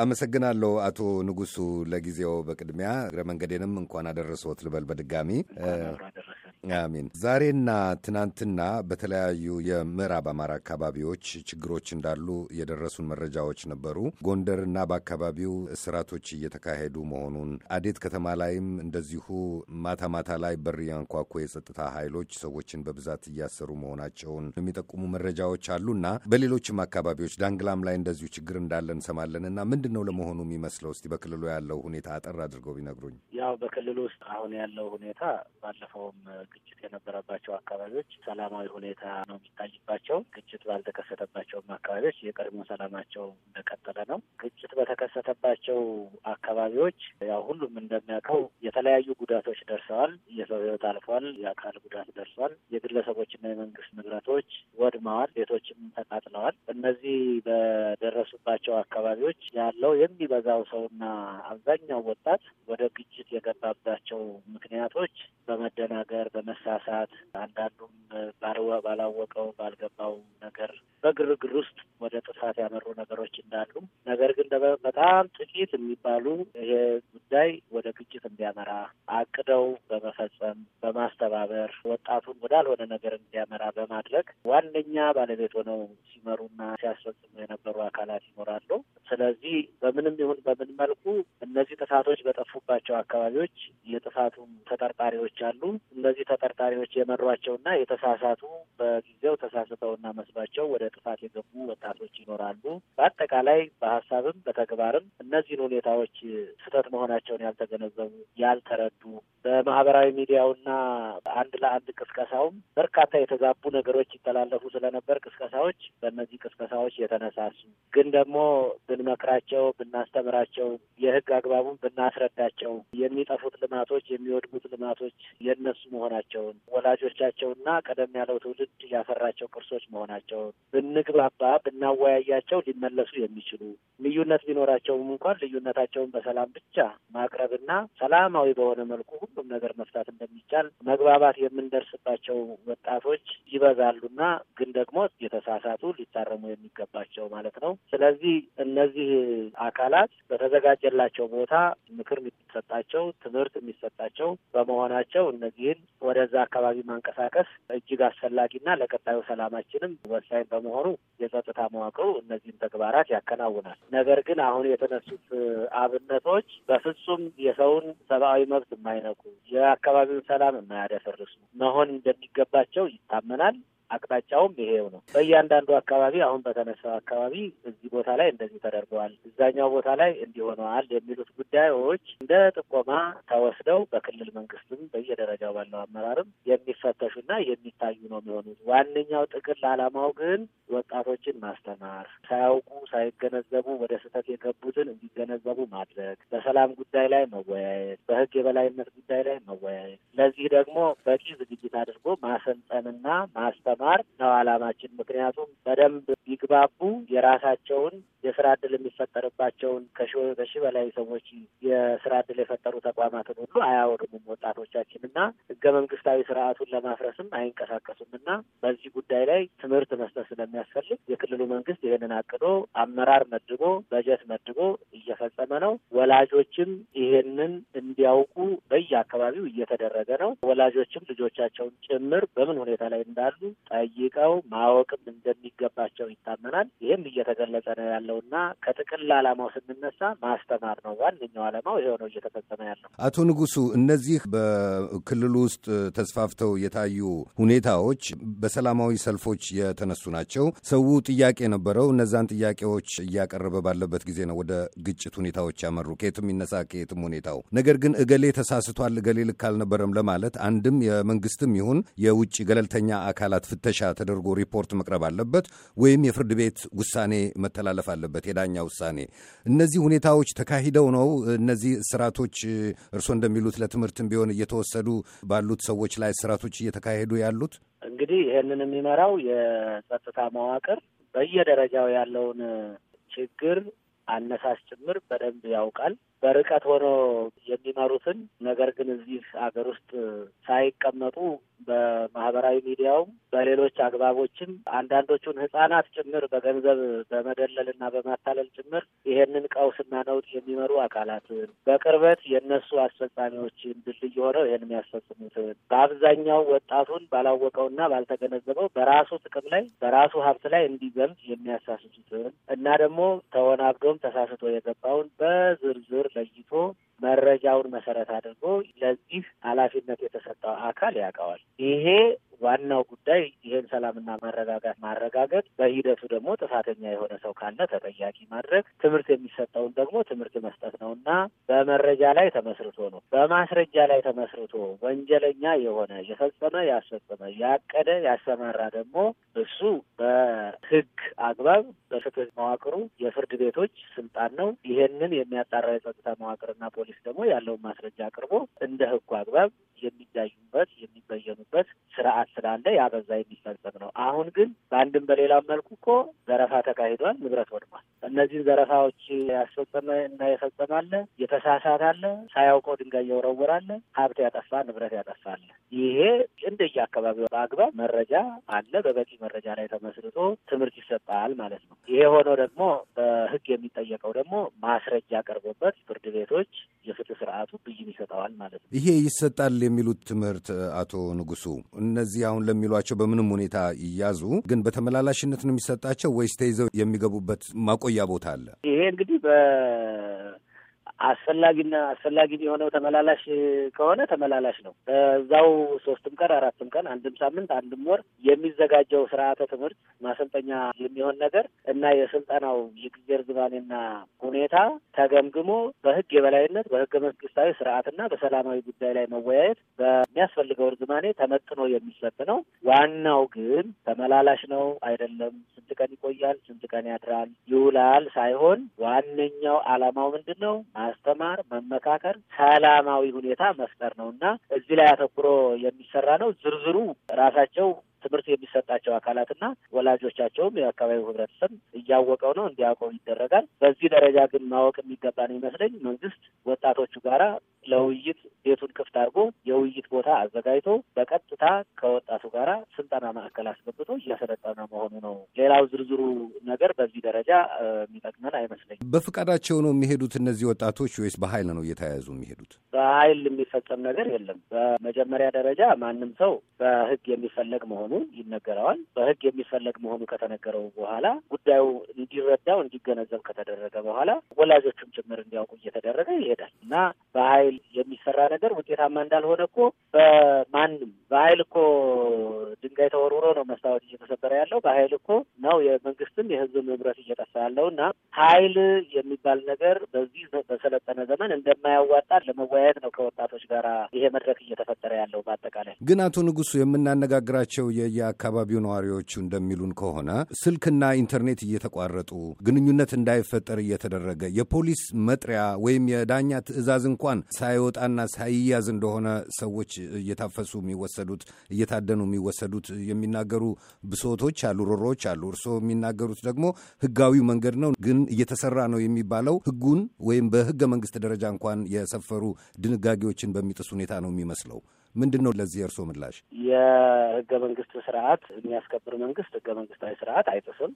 አመሰግናለሁ አቶ ንጉሱ ለጊዜው። በቅድሚያ እግረ መንገዴንም እንኳን አደረሶት ልበል በድጋሚ አሚን። ዛሬና ትናንትና በተለያዩ የምዕራብ አማራ አካባቢዎች ችግሮች እንዳሉ የደረሱን መረጃዎች ነበሩ። ጎንደርና በአካባቢው እስራቶች እየተካሄዱ መሆኑን፣ አዴት ከተማ ላይም እንደዚሁ ማታ ማታ ላይ በር ያንኳኩ የጸጥታ ኃይሎች ሰዎችን በብዛት እያሰሩ መሆናቸውን የሚጠቁሙ መረጃዎች አሉና በሌሎችም አካባቢዎች ዳንግላም ላይ እንደዚሁ ችግር እንዳለ እንሰማለን እና ምንድን ነው ለመሆኑ የሚመስለው? እስቲ በክልሉ ያለው ሁኔታ አጠር አድርገው ቢነግሩኝ። ያው በክልሉ ውስጥ አሁን ያለው ሁኔታ ባለፈውም ግጭት የነበረባቸው አካባቢዎች ሰላማዊ ሁኔታ ነው የሚታይባቸው። ግጭት ባልተከሰተባቸውም አካባቢዎች የቀድሞ ሰላማቸው እንደቀጠለ ነው። ግጭት በተከሰተባቸው አካባቢዎች ያው ሁሉም እንደሚያውቀው የተለያዩ ጉዳቶች ደርሰዋል። የሰው ህይወት አልፏል። የአካል ጉዳት ደርሷል። የግለሰቦችና የመንግስት ንብረቶች ወድመዋል። ቤቶችም ተቃጥለዋል። እነዚህ በደረሱባቸው አካባቢዎች ያለው የሚበዛው ሰውና አብዛኛው ወጣት ወደ ግጭት የገባባቸው ምክንያቶች የሰሯቸውና የተሳሳቱ አንስተውና መስሏቸው ወደ ጥፋት የገቡ ወጣቶች ይኖራሉ። በአጠቃላይ በሀሳብም በተግባርም እነዚህን ሁኔታዎች ስህተት መሆናቸውን ያልተገነዘቡ፣ ያልተረዱ በማህበራዊ ሚዲያውና አንድ ለአንድ ቅስቀሳውም በርካታ የተዛቡ ነገሮች ይተላለፉ ስለነበር ቅስቀሳዎች በእነዚህ ቅስቀሳዎች የተነሳሱ ግን ደግሞ ብንመክራቸው፣ ብናስተምራቸው፣ የህግ አግባቡን ብናስረዳቸው የሚጠፉት ልማቶች የሚወድሙት ልማቶች የነሱ መሆናቸውን ወላጆቻቸውና ቀደም ያለው ትውልድ ያፈራቸው ቁርሶች መሆናቸው ብንግባባ ብናወያያቸው ሊመለሱ የሚችሉ ልዩነት ቢኖራቸውም እንኳን ልዩነታቸውን በሰላም ብቻ ማቅረብና ሰላማዊ በሆነ መልኩ ሁሉም ነገር መፍታት እንደሚቻል መግባባት የምንደርስባቸው ወጣቶች ይበዛሉና ግን ደግሞ የተሳሳቱ ሊታረሙ የሚገባቸው ማለት ነው። ስለዚህ እነዚህ አካላት በተዘጋጀላቸው ቦታ ምክር የሚሰጣቸው ትምህርት የሚሰጣቸው በመሆናቸው እነዚህን ወደዛ አካባቢ ማንቀሳቀስ እጅግ አስፈላጊና ለቀጣዩ ሰላም ተቋማችንም ወሳኝ በመሆኑ የጸጥታ መዋቅሩ እነዚህን ተግባራት ያከናውናል። ነገር ግን አሁን የተነሱት አብነቶች በፍጹም የሰውን ሰብአዊ መብት የማይነኩ የአካባቢውን ሰላም የማያደፈርሱ መሆን እንደሚገባቸው ይታመናል። አቅጣጫውም ይሄው ነው። በእያንዳንዱ አካባቢ አሁን በተነሳው አካባቢ እዚህ ቦታ ላይ እንደዚህ ተደርገዋል፣ እዛኛው ቦታ ላይ እንዲሆነዋል የሚሉት ጉዳዮች እንደ ጥቆማ ተወስደው በክልል መንግስትም በየደረጃው ባለው አመራርም የሚፈተሹና የሚታዩ ነው የሚሆኑት። ዋነኛው ጥቅል አላማው ግን ወጣቶችን ማስተማር፣ ሳያውቁ ሳይገነዘቡ ወደ ስህተት የገቡትን እንዲገነዘቡ ማድረግ፣ በሰላም ጉዳይ ላይ መወያየት፣ በህግ የበላይነት ጉዳይ ላይ መወያየት፣ ለዚህ ደግሞ በቂ ዝግጅት አድርጎ ማሰልጠንና ማስተማር ማስተማር ነው አላማችን። ምክንያቱም በደንብ ቢግባቡ የራሳቸውን የስራ እድል የሚፈጠርባቸውን ከሺህ በላይ ሰዎች የስራ እድል የፈጠሩ ተቋማትን ሁሉ አያወድሙም ወጣቶቻችን እና ህገ መንግስታዊ ስርዓቱን ለማፍረስም አይንቀሳቀሱም እና በዚህ ጉዳይ ላይ ትምህርት መስጠት ስለሚያስፈልግ የክልሉ መንግስት ይህንን አቅዶ አመራር መድቦ በጀት መድቦ እየፈጸመ ነው። ወላጆችም ይሄንን እንዲያውቁ በየአካባቢው እየተደረገ ነው። ወላጆችም ልጆቻቸውን ጭምር በምን ሁኔታ ላይ እንዳሉ ጠይቀው ማወቅም እንደሚገባቸው ይታመናል። ይህም እየተገለጸ ነው ያለውና ከጥቅል ዓላማው ስንነሳ ማስተማር ነው ዋነኛው ዓላማው ይሄው ነው እየተፈጸመ ያለው። አቶ ንጉሱ፣ እነዚህ በክልሉ ውስጥ ተስፋፍተው የታዩ ሁኔታዎች በሰላማዊ ሰልፎች የተነሱ ናቸው። ሰው ጥያቄ ነበረው። እነዛን ጥያቄዎች እያቀረበ ባለበት ጊዜ ነው ወደ ግጭት ሁኔታዎች ያመሩ። ከየትም ይነሳ ከየትም ሁኔታው ነገር ግን እገሌ ተሳስቷል፣ እገሌ ልክ አልነበረም ለማለት አንድም የመንግስትም ይሁን የውጭ ገለልተኛ አካላት ፍተሻ ተደርጎ ሪፖርት መቅረብ አለበት ወይም የፍርድ ቤት ውሳኔ መተላለፍ አለበት፣ የዳኛ ውሳኔ። እነዚህ ሁኔታዎች ተካሂደው ነው እነዚህ ስራቶች እርስዎ እንደሚሉት ለትምህርትም ቢሆን እየተወሰዱ ባሉት ሰዎች ላይ ስራቶች እየተካሄዱ ያሉት። እንግዲህ ይህንን የሚመራው የጸጥታ መዋቅር በየደረጃው ያለውን ችግር አነሳስ ጭምር በደንብ ያውቃል። በርቀት ሆኖ የሚመሩትን ነገር ግን እዚህ ሀገር ውስጥ ሳይቀመጡ በማህበራዊ ሚዲያውም በሌሎች አግባቦችም አንዳንዶቹን ህጻናት ጭምር በገንዘብ በመደለልና በማታለል ጭምር ይሄንን ቀውስና ነውጥ የሚመሩ አካላትን በቅርበት የእነሱ አስፈጻሚዎችን ድልድይ ሆነው ይህን የሚያስፈጽሙትን በአብዛኛው ወጣቱን ባላወቀውና ባልተገነዘበው በራሱ ጥቅም ላይ በራሱ ሀብት ላይ እንዲዘምት የሚያሳስቱትን እና ደግሞ ተወናብዶም ተሳስቶ የገባውን በዝርዝር ለይቶ መረጃውን መሰረት አድርጎ ለዚህ ኃላፊነት የተሰጠው አካል ያውቀዋል። ይሄ ዋናው ጉዳይ ይሄን ሰላምና ማረጋጋት ማረጋገጥ፣ በሂደቱ ደግሞ ጥፋተኛ የሆነ ሰው ካለ ተጠያቂ ማድረግ፣ ትምህርት የሚሰጠውን ደግሞ ትምህርት መስጠት ነው እና በመረጃ ላይ ተመስርቶ ነው በማስረጃ ላይ ተመስርቶ ወንጀለኛ የሆነ የፈጸመ ያስፈጸመ ያቀደ ያሰማራ ደግሞ እሱ በህግ አግባብ በፍትህ መዋቅሩ የፍርድ ቤቶች ስልጣን ነው። ይሄንን የሚያጣራ የጸጥታ መዋቅርና ፖሊስ ደግሞ ያለውን ማስረጃ አቅርቦ እንደ ህጉ አግባብ የሚዳኙበት የሚበየኑበት ስርዓት ስላለ ያ በዛ የሚፈጸም ነው። አሁን ግን በአንድም በሌላም መልኩ እኮ ዘረፋ ተካሂዷል፣ ንብረት ወድሟል። እነዚህን ዘረፋዎች ያስፈጸመ እና የፈጸማለ የተሳሳት አለ፣ ሳያውቀው ድንጋይ አለ፣ ሀብት ያጠፋ፣ ንብረት ያጠፋለ። ይሄ እንደየ አካባቢው በአግባብ መረጃ አለ፣ በበቂ መረጃ ላይ ተመስርቶ ትምህርት ይሰጣል ማለት ነው። ይሄ ሆኖ ደግሞ በህግ የሚጠየቀው ደግሞ ማስረጃ ቀርቦበት ፍርድ ቤቶች የፍትህ ስርዓቱ ብይን ይሰጠዋል ማለት ነው። ይሄ ይሰጣል የሚሉት ትምህርት አቶ ንጉሱ እነዚህ አሁን ለሚሏቸው በምንም ሁኔታ ይያዙ፣ ግን በተመላላሽነት ነው የሚሰጣቸው ወይስ ተይዘው የሚገቡበት ማቆያ ቦታ አለ? ይሄ እንግዲህ አስፈላጊና አስፈላጊ የሆነው ተመላላሽ ከሆነ ተመላላሽ ነው። እዛው ሶስትም ቀን አራትም ቀን አንድም ሳምንት አንድም ወር የሚዘጋጀው ስርዓተ ትምህርት ማሰልጠኛ የሚሆን ነገር እና የስልጠናው የጊዜ እርዝማኔና ሁኔታ ተገምግሞ በህግ የበላይነት በህገ መንግስታዊ ስርዓትና በሰላማዊ ጉዳይ ላይ መወያየት በሚያስፈልገው እርዝማኔ ተመጥኖ የሚሰጥ ነው። ዋናው ግን ተመላላሽ ነው አይደለም፣ ስንት ቀን ይቆያል፣ ስንት ቀን ያድራል፣ ይውላል ሳይሆን ዋነኛው አላማው ምንድን ነው ማስተማር፣ መመካከር፣ ሰላማዊ ሁኔታ መፍጠር ነው እና እዚህ ላይ አተኩሮ የሚሰራ ነው። ዝርዝሩ ራሳቸው ትምህርት የሚሰጣቸው አካላትና ወላጆቻቸውም የአካባቢው ህብረተሰብ እያወቀው ነው እንዲያውቀው ይደረጋል። በዚህ ደረጃ ግን ማወቅ የሚገባ ነው ይመስለኝ መንግስት ወጣቶቹ ጋራ ለውይይት ቤቱን ክፍት አድርጎ የውይይት ቦታ አዘጋጅቶ በቀጥታ ከወጣቱ ጋራ ስልጠና ማዕከል አስገብቶ እያሰለጠነ መሆኑ ነው። ሌላው ዝርዝሩ ነገር በዚህ ደረጃ የሚጠቅመን አይመስለኝም። በፍቃዳቸው ነው የሚሄዱት እነዚህ ወጣቶች ወይስ በኃይል ነው እየተያያዙ የሚሄዱት? በኃይል የሚፈጸም ነገር የለም። በመጀመሪያ ደረጃ ማንም ሰው በሕግ የሚፈለግ መሆኑ ይነገረዋል። በሕግ የሚፈለግ መሆኑ ከተነገረው በኋላ ጉዳዩ እንዲረዳው እንዲገነዘብ ከተደረገ በኋላ ወላጆቹም ጭምር እንዲያውቁ እየተደረገ ይሄዳል እና በኃይል በኃይል የሚሰራ ነገር ውጤታማ እንዳልሆነ እኮ በማንም በኃይል እኮ ድንጋይ ተወርውሮ ነው መስታወት እየተሰበረ ያለው። በኃይል እኮ ነው የመንግስትም የህዝብ ንብረት እየጠፋ ያለው እና ኃይል የሚባል ነገር በዚህ በሰለጠነ ዘመን እንደማያዋጣ ለመወያየት ነው ከወጣቶች ጋር ይሄ መድረክ እየተፈጠረ ያለው። በአጠቃላይ ግን አቶ ንጉሱ የምናነጋግራቸው የየአካባቢው ነዋሪዎቹ እንደሚሉን ከሆነ ስልክና ኢንተርኔት እየተቋረጡ ግንኙነት እንዳይፈጠር እየተደረገ የፖሊስ መጥሪያ ወይም የዳኛ ትዕዛዝ እንኳን ሳይወጣና ሳይያዝ እንደሆነ ሰዎች እየታፈሱ የሚወሰዱት እየታደኑ የሚወሰዱት የሚናገሩ ብሶቶች አሉ፣ ሮሮዎች አሉ። እርስዎ የሚናገሩት ደግሞ ህጋዊ መንገድ ነው፣ ግን እየተሰራ ነው የሚባለው ህጉን ወይም በህገ መንግስት ደረጃ እንኳን የሰፈሩ ድንጋጌዎችን በሚጥስ ሁኔታ ነው የሚመስለው። ምንድን ነው ለዚህ የእርስዎ ምላሽ? የህገ መንግስት ስርዓት የሚያስከብር መንግስት ህገ መንግስታዊ ስርዓት አይጥስም።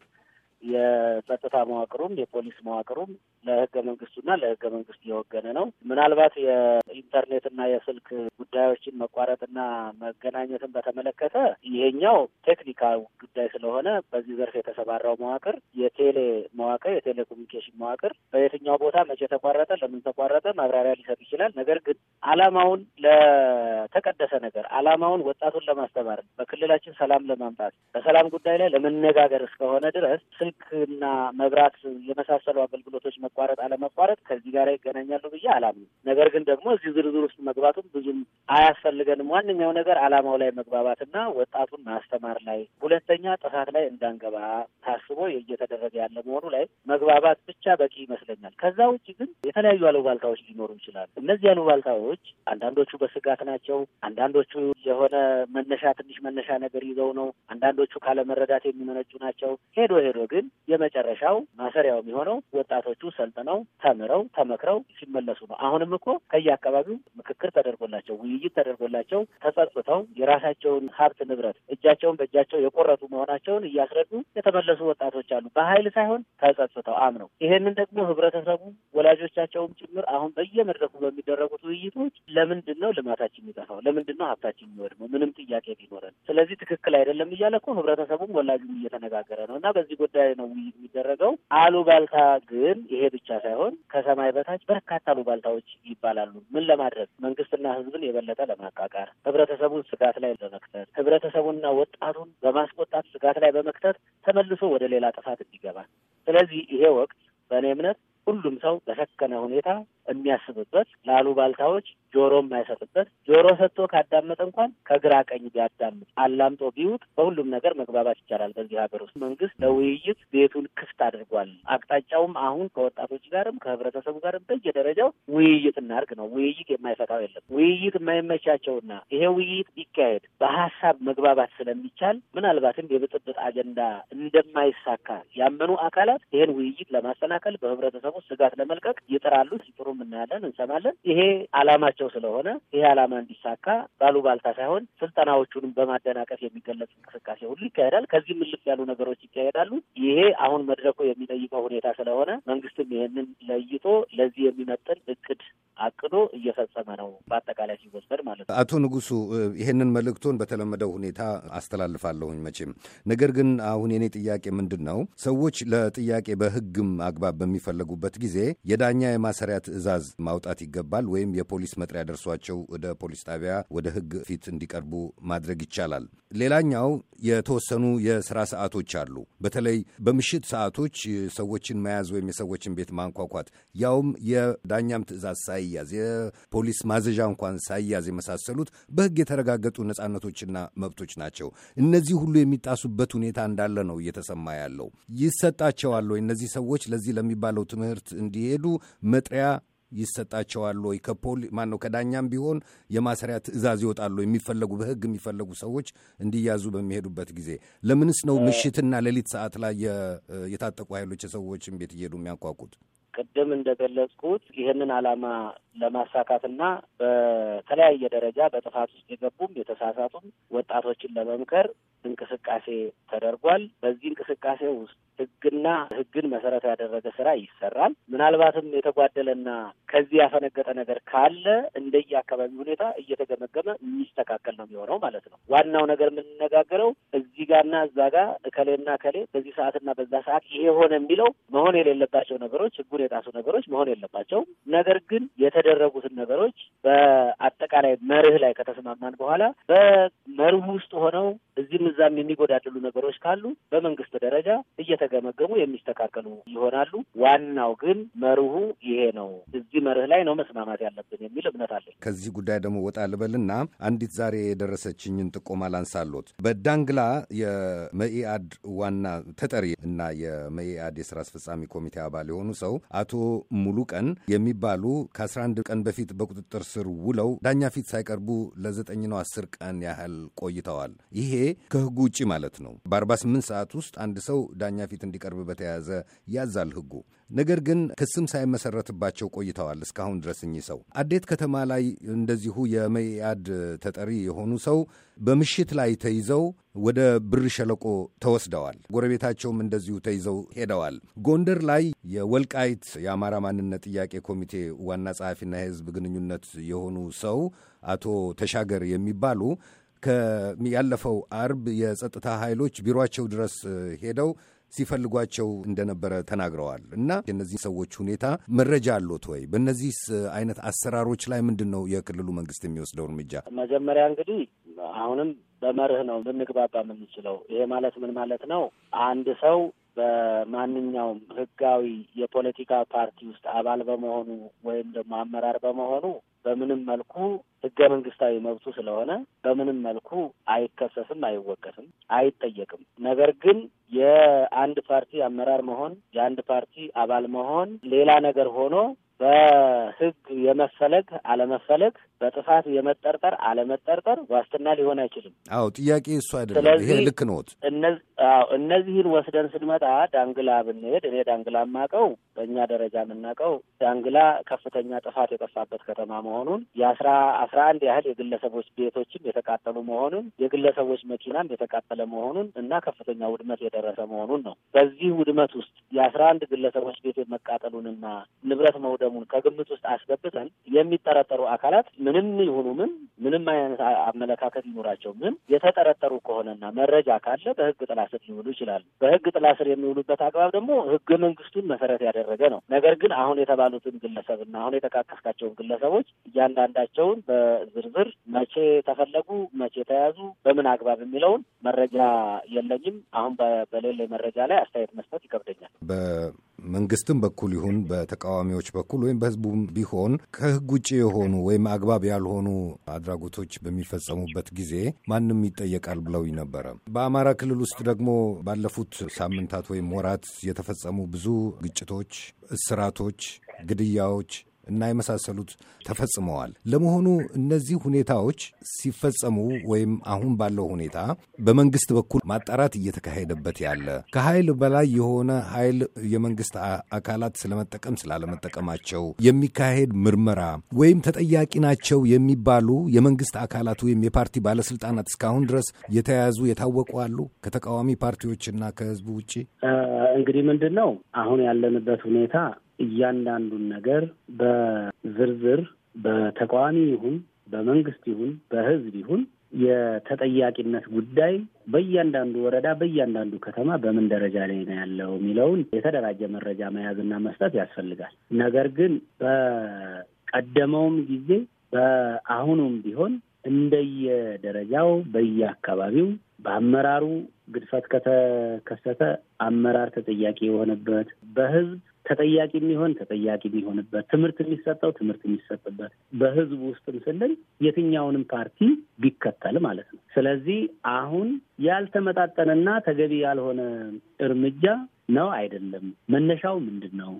የጸጥታ መዋቅሩም የፖሊስ መዋቅሩም ለህገ መንግስቱና ለህገ መንግስቱ የወገነ ነው። ምናልባት የኢንተርኔትና የስልክ ጉዳዮችን መቋረጥና መገናኘትን በተመለከተ ይሄኛው ቴክኒካዊ ጉዳይ ስለሆነ በዚህ ዘርፍ የተሰባራው መዋቅር የቴሌ መዋቅር የቴሌኮሙኒኬሽን መዋቅር በየትኛው ቦታ መቼ ተቋረጠ፣ ለምን ተቋረጠ ማብራሪያ ሊሰጥ ይችላል። ነገር ግን አላማውን ለተቀደሰ ነገር አላማውን ወጣቱን ለማስተማር በክልላችን ሰላም ለማምጣት በሰላም ጉዳይ ላይ ለመነጋገር እስከሆነ ድረስ ስልክ ስልክና መብራት የመሳሰሉ አገልግሎቶች መቋረጥ አለመቋረጥ ከዚህ ጋር ይገናኛሉ ብዬ አላምንም። ነገር ግን ደግሞ እዚህ ዝርዝር ውስጥ መግባቱም ብዙም አያስፈልገንም። ዋነኛው ነገር አላማው ላይ መግባባትና ወጣቱን ማስተማር ላይ፣ ሁለተኛ ጥፋት ላይ እንዳንገባ ታስቦ እየተደረገ ያለ መሆኑ ላይ መግባባት ብቻ በቂ ይመስለኛል። ከዛ ውጭ ግን የተለያዩ አሉባልታዎች ሊኖሩ ይችላሉ። እነዚህ አሉባልታዎች አንዳንዶቹ በስጋት ናቸው። አንዳንዶቹ የሆነ መነሻ ትንሽ መነሻ ነገር ይዘው ነው። አንዳንዶቹ ካለመረዳት የሚመነጩ ናቸው። ሄዶ ሄዶ ግን ግን የመጨረሻው ማሰሪያው የሚሆነው ወጣቶቹ ሰልጥነው ተምረው ተመክረው ሲመለሱ ነው። አሁንም እኮ ከየአካባቢው ምክክር ተደርጎላቸው ውይይት ተደርጎላቸው ተጸጽተው የራሳቸውን ሀብት ንብረት እጃቸውን በእጃቸው የቆረጡ መሆናቸውን እያስረዱ የተመለሱ ወጣቶች አሉ። በኃይል ሳይሆን ተጸጽተው አምነው ይሄንን ደግሞ ህብረተሰቡ ወላጆቻቸውም ጭምር አሁን በየመድረኩ በሚደረጉት ውይይቶች ለምንድን ነው ልማታችን የሚጠፋው? ለምንድን ነው ሀብታችን የሚወድመው? ምንም ጥያቄ ቢኖረን፣ ስለዚህ ትክክል አይደለም እያለ እኮ ህብረተሰቡም ወላጁም እየተነጋገረ ነው እና በዚህ ጉዳይ ነው ውይይት የሚደረገው። አሉባልታ ግን ይሄ ብቻ ሳይሆን ከሰማይ በታች በርካታ አሉባልታዎች ይባላሉ። ምን ለማድረግ መንግስትና ህዝብን የበለጠ ለማቃቃር፣ ህብረተሰቡን ስጋት ላይ ለመክተት፣ ህብረተሰቡንና ወጣቱን በማስቆጣት ስጋት ላይ በመክተት ተመልሶ ወደ ሌላ ጥፋት እንዲገባ። ስለዚህ ይሄ ወቅት በእኔ እምነት ሁሉም ሰው በሰከነ ሁኔታ የሚያስብበት ላሉ ባልታዎች ጆሮ የማይሰጥበት ጆሮ ሰጥቶ ካዳመጠ እንኳን ከግራ ቀኝ ቢያዳምጥ አላምጦ ቢውጥ በሁሉም ነገር መግባባት ይቻላል። በዚህ ሀገር ውስጥ መንግስት ለውይይት ቤቱን ክፍት አድርጓል። አቅጣጫውም አሁን ከወጣቶች ጋርም ከህብረተሰቡ ጋርም በየደረጃው ውይይት እናድርግ ነው። ውይይት የማይፈታው የለም። ውይይት የማይመቻቸውና ይሄ ውይይት ቢካሄድ በሀሳብ መግባባት ስለሚቻል ምናልባትም የብጥብጥ አጀንዳ እንደማይሳካ ያመኑ አካላት ይህን ውይይት ለማሰናከል በህብረተሰቡ ስጋት ለመልቀቅ ይጥራሉ። ሲጥሩ ሁሉም እናያለን፣ እንሰማለን። ይሄ አላማቸው ስለሆነ ይሄ አላማ እንዲሳካ ባሉባልታ ሳይሆን ስልጠናዎቹንም በማደናቀፍ የሚገለጽ እንቅስቃሴ ሁሉ ይካሄዳል። ከዚህም እልፍ ያሉ ነገሮች ይካሄዳሉ። ይሄ አሁን መድረኩ የሚጠይቀው ሁኔታ ስለሆነ መንግስትም ይህንን ለይቶ ለዚህ የሚመጥን እቅድ አቅዶ እየፈጸመ ነው፣ በአጠቃላይ ሲወሰድ ማለት ነው። አቶ ንጉሱ ይሄንን መልእክቶን በተለመደው ሁኔታ አስተላልፋለሁኝ መቼም። ነገር ግን አሁን የኔ ጥያቄ ምንድን ነው ሰዎች ለጥያቄ በህግም አግባብ በሚፈለጉበት ጊዜ የዳኛ የማሰሪያ ትዕዛዝ ትዕዛዝ ማውጣት ይገባል ወይም የፖሊስ መጥሪያ ደርሷቸው ወደ ፖሊስ ጣቢያ ወደ ህግ ፊት እንዲቀርቡ ማድረግ ይቻላል። ሌላኛው የተወሰኑ የስራ ሰዓቶች አሉ። በተለይ በምሽት ሰዓቶች ሰዎችን መያዝ ወይም የሰዎችን ቤት ማንኳኳት ያውም የዳኛም ትዕዛዝ ሳይያዝ የፖሊስ ማዘዣ እንኳን ሳይያዝ የመሳሰሉት በህግ የተረጋገጡ ነጻነቶችና መብቶች ናቸው። እነዚህ ሁሉ የሚጣሱበት ሁኔታ እንዳለ ነው እየተሰማ ያለው። ይሰጣቸዋል ወይ እነዚህ ሰዎች ለዚህ ለሚባለው ትምህርት እንዲሄዱ መጥሪያ ይሰጣቸዋል ወይ? ከፖል ማን ነው ከዳኛም ቢሆን የማሰሪያ ትዕዛዝ ይወጣሉ? የሚፈለጉ በህግ የሚፈለጉ ሰዎች እንዲያዙ በሚሄዱበት ጊዜ ለምንስ ነው ምሽትና ሌሊት ሰዓት ላይ የታጠቁ ኃይሎች የሰዎችን ቤት እየሄዱ የሚያንኳኩት? ቅድም እንደገለጽኩት ይህንን ዓላማ ለማሳካትና በተለያየ ደረጃ በጥፋት ውስጥ የገቡም የተሳሳቱም ወጣቶችን ለመምከር እንቅስቃሴ ተደርጓል። በዚህ እንቅስቃሴ ውስጥ ህግና ህግን መሰረት ያደረገ ስራ ይሰራል። ምናልባትም የተጓደለና ከዚህ ያፈነገጠ ነገር ካለ እንደየ አካባቢ ሁኔታ እየተገመገመ የሚስተካከል ነው የሚሆነው ማለት ነው። ዋናው ነገር የምንነጋገረው እዚህ ጋርና እዛ ጋር እከሌና እከሌ በዚህ ሰዓትና በዛ ሰዓት ይሄ ሆነ የሚለው መሆን የሌለባቸው ነገሮች፣ ህጉን የጣሱ ነገሮች መሆን የለባቸውም። ነገር ግን የተደረጉትን ነገሮች በአጠቃላይ መርህ ላይ ከተስማማን በኋላ በመርህ ውስጥ ሆነው እዚህም እዛም የሚጎዳደሉ ነገሮች ካሉ በመንግስት ደረጃ እየተገመገሙ የሚስተካከሉ ይሆናሉ። ዋናው ግን መርሁ ይሄ ነው። እዚህ መርህ ላይ ነው መስማማት ያለብን የሚል እምነት አለኝ። ከዚህ ጉዳይ ደግሞ ወጣ ልበልና አንዲት ዛሬ የደረሰችኝን ጥቆማ ላንሳሎት። በዳንግላ የመኢአድ ዋና ተጠሪ እና የመኢአድ የስራ አስፈጻሚ ኮሚቴ አባል የሆኑ ሰው አቶ ሙሉ ቀን የሚባሉ ከ11 ቀን በፊት በቁጥጥር ስር ውለው ዳኛ ፊት ሳይቀርቡ ለዘጠኝ ነው አስር ቀን ያህል ቆይተዋል። ይሄ ከህጉ ውጭ ማለት ነው። በ48 ሰዓት ውስጥ አንድ ሰው ዳኛ ፊት እንዲቀርብ በተያያዘ ያዛል ህጉ። ነገር ግን ክስም ሳይመሰረትባቸው ቆይተዋል እስካሁን ድረስ እኚህ ሰው። አዴት ከተማ ላይ እንደዚሁ የመኢአድ ተጠሪ የሆኑ ሰው በምሽት ላይ ተይዘው ወደ ብር ሸለቆ ተወስደዋል። ጎረቤታቸውም እንደዚሁ ተይዘው ሄደዋል። ጎንደር ላይ የወልቃይት የአማራ ማንነት ጥያቄ ኮሚቴ ዋና ጸሐፊና የህዝብ ግንኙነት የሆኑ ሰው አቶ ተሻገር የሚባሉ ያለፈው አርብ የጸጥታ ኃይሎች ቢሮቸው ድረስ ሄደው ሲፈልጓቸው እንደነበረ ተናግረዋል። እና የእነዚህ ሰዎች ሁኔታ መረጃ አሎት ወይ? በእነዚህ አይነት አሰራሮች ላይ ምንድን ነው የክልሉ መንግስት የሚወስደው እርምጃ? መጀመሪያ እንግዲህ አሁንም በመርህ ነው ልንግባባ የምንችለው። ይሄ ማለት ምን ማለት ነው? አንድ ሰው በማንኛውም ህጋዊ የፖለቲካ ፓርቲ ውስጥ አባል በመሆኑ ወይም ደግሞ አመራር በመሆኑ በምንም መልኩ ህገ መንግስታዊ መብቱ ስለሆነ በምንም መልኩ አይከሰስም፣ አይወቀስም፣ አይጠየቅም። ነገር ግን የአንድ ፓርቲ አመራር መሆን የአንድ ፓርቲ አባል መሆን ሌላ ነገር ሆኖ በህግ የመፈለግ አለመፈለግ፣ በጥፋት የመጠርጠር አለመጠርጠር ዋስትና ሊሆን አይችልም። አዎ ጥያቄ እሱ አይደለም። ይሄ ልክ ነዎት። እነዚህን ወስደን ስንመጣ ዳንግላ ብንሄድ እኔ ዳንግላ የማውቀው በእኛ ደረጃ የምናውቀው ዳንግላ ከፍተኛ ጥፋት የጠፋበት ከተማ መሆኑን የአስራ አስራ አንድ ያህል የግለሰቦች ቤቶችም የተቃጠሉ መሆኑን የግለሰቦች መኪናም የተቃጠለ መሆኑን እና ከፍተኛ ውድመት የደረሰ መሆኑን ነው። በዚህ ውድመት ውስጥ የአስራ አንድ ግለሰቦች ቤት መቃጠሉንና ንብረት መውደ መደምደሙን ከግምት ውስጥ አስገብተን የሚጠረጠሩ አካላት ምንም ይሁኑ ምን ምንም አይነት አመለካከት ይኖራቸው ምን የተጠረጠሩ ከሆነና መረጃ ካለ በህግ ጥላ ስር ሊውሉ ይችላሉ። በህግ ጥላ ስር የሚውሉበት አግባብ ደግሞ ህገ መንግስቱን መሰረት ያደረገ ነው። ነገር ግን አሁን የተባሉትን ግለሰብና አሁን የተካከስካቸውን ግለሰቦች እያንዳንዳቸውን በዝርዝር መቼ ተፈለጉ፣ መቼ ተያዙ፣ በምን አግባብ የሚለውን መረጃ የለኝም። አሁን በሌለ መረጃ ላይ አስተያየት መስጠት ይከብደኛል። መንግስትም በኩል ይሁን በተቃዋሚዎች በኩል ወይም በህዝቡም ቢሆን ከህግ ውጭ የሆኑ ወይም አግባብ ያልሆኑ አድራጎቶች በሚፈጸሙበት ጊዜ ማንም ይጠየቃል ብለው ነበረ። በአማራ ክልል ውስጥ ደግሞ ባለፉት ሳምንታት ወይም ወራት የተፈጸሙ ብዙ ግጭቶች፣ እስራቶች፣ ግድያዎች እና የመሳሰሉት ተፈጽመዋል። ለመሆኑ እነዚህ ሁኔታዎች ሲፈጸሙ ወይም አሁን ባለው ሁኔታ በመንግስት በኩል ማጣራት እየተካሄደበት ያለ ከኃይል በላይ የሆነ ኃይል የመንግስት አካላት ስለመጠቀም ስላለመጠቀማቸው የሚካሄድ ምርመራ ወይም ተጠያቂ ናቸው የሚባሉ የመንግስት አካላት ወይም የፓርቲ ባለስልጣናት እስካሁን ድረስ የተያዙ የታወቁ አሉ ከተቃዋሚ ፓርቲዎችና ከህዝቡ ውጭ እንግዲህ ምንድን ነው አሁን ያለንበት ሁኔታ እያንዳንዱን ነገር በዝርዝር በተቃዋሚ ይሁን በመንግስት ይሁን በህዝብ ይሁን የተጠያቂነት ጉዳይ በእያንዳንዱ ወረዳ በእያንዳንዱ ከተማ በምን ደረጃ ላይ ነው ያለው የሚለውን የተደራጀ መረጃ መያዝና መስጠት ያስፈልጋል። ነገር ግን በቀደመውም ጊዜ በአሁኑም ቢሆን እንደየደረጃው በየአካባቢው በአመራሩ ግድፈት ከተከሰተ አመራር ተጠያቂ የሆነበት በህዝብ ተጠያቂ የሚሆን ተጠያቂ የሚሆንበት፣ ትምህርት የሚሰጠው ትምህርት የሚሰጥበት በህዝቡ ውስጥም ስንል የትኛውንም ፓርቲ ቢከተል ማለት ነው። ስለዚህ አሁን ያልተመጣጠነና ተገቢ ያልሆነ እርምጃ ነው አይደለም? መነሻው ምንድን ነው?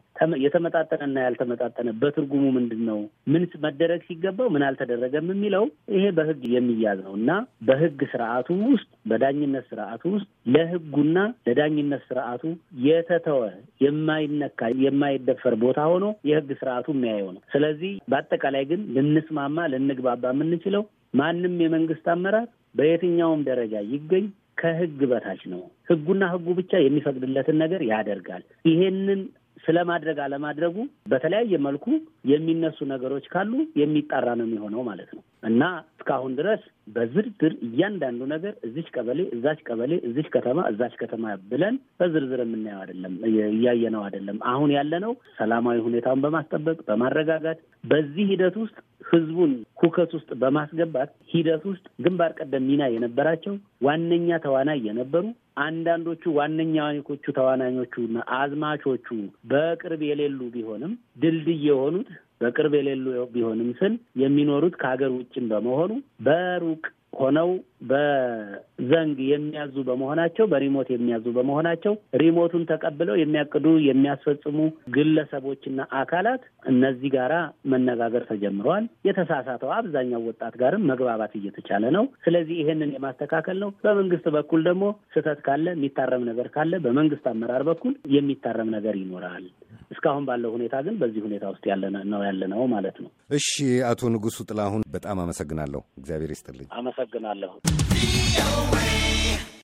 የተመጣጠነና ያልተመጣጠነ በትርጉሙ ምንድን ነው? ምን መደረግ ሲገባው ምን አልተደረገም የሚለው ይሄ በህግ የሚያዝ ነው እና በህግ ስርዓቱ ውስጥ በዳኝነት ስርዓቱ ውስጥ ለህጉና ለዳኝነት ስርዓቱ የተተወ የማይነካ የማይደፈር ቦታ ሆኖ የህግ ስርዓቱ የሚያየው ነው። ስለዚህ በአጠቃላይ ግን ልንስማማ ልንግባባ የምንችለው ማንም የመንግስት አመራር በየትኛውም ደረጃ ይገኝ ከህግ በታች ነው። ህጉና ህጉ ብቻ የሚፈቅድለትን ነገር ያደርጋል። ይሄንን ስለማድረግ አለማድረጉ በተለያየ መልኩ የሚነሱ ነገሮች ካሉ የሚጣራ ነው የሚሆነው ማለት ነው። እና እስካሁን ድረስ በዝርዝር እያንዳንዱ ነገር እዚች ቀበሌ፣ እዛች ቀበሌ፣ እዚች ከተማ፣ እዛች ከተማ ብለን በዝርዝር የምናየው አይደለም፣ እያየነው አይደለም። አሁን ያለነው ሰላማዊ ሁኔታውን በማስጠበቅ በማረጋጋት በዚህ ሂደት ውስጥ ህዝቡን ሁከት ውስጥ በማስገባት ሂደት ውስጥ ግንባር ቀደም ሚና የነበራቸው ዋነኛ ተዋናይ የነበሩ አንዳንዶቹ ዋነኛዎቹ ተዋናኞቹና አዝማቾቹ በቅርብ የሌሉ ቢሆንም ድልድይ የሆኑት በቅርብ የሌሉ ቢሆንም ስል የሚኖሩት ከሀገር ውጭም በመሆኑ በሩቅ ሆነው በዘንግ የሚያዙ በመሆናቸው በሪሞት የሚያዙ በመሆናቸው ሪሞቱን ተቀብለው የሚያቅዱ የሚያስፈጽሙ ግለሰቦችና አካላት እነዚህ ጋራ መነጋገር ተጀምረዋል። የተሳሳተው አብዛኛው ወጣት ጋርም መግባባት እየተቻለ ነው። ስለዚህ ይሄንን የማስተካከል ነው። በመንግስት በኩል ደግሞ ስህተት ካለ የሚታረም ነገር ካለ በመንግስት አመራር በኩል የሚታረም ነገር ይኖራል። እስካሁን ባለው ሁኔታ ግን በዚህ ሁኔታ ውስጥ ያለነ ነው ያለነው ማለት ነው። እሺ አቶ ንጉሱ ጥላሁን በጣም አመሰግናለሁ። እግዚአብሔር ይስጥልኝ። አመሰግናለሁ።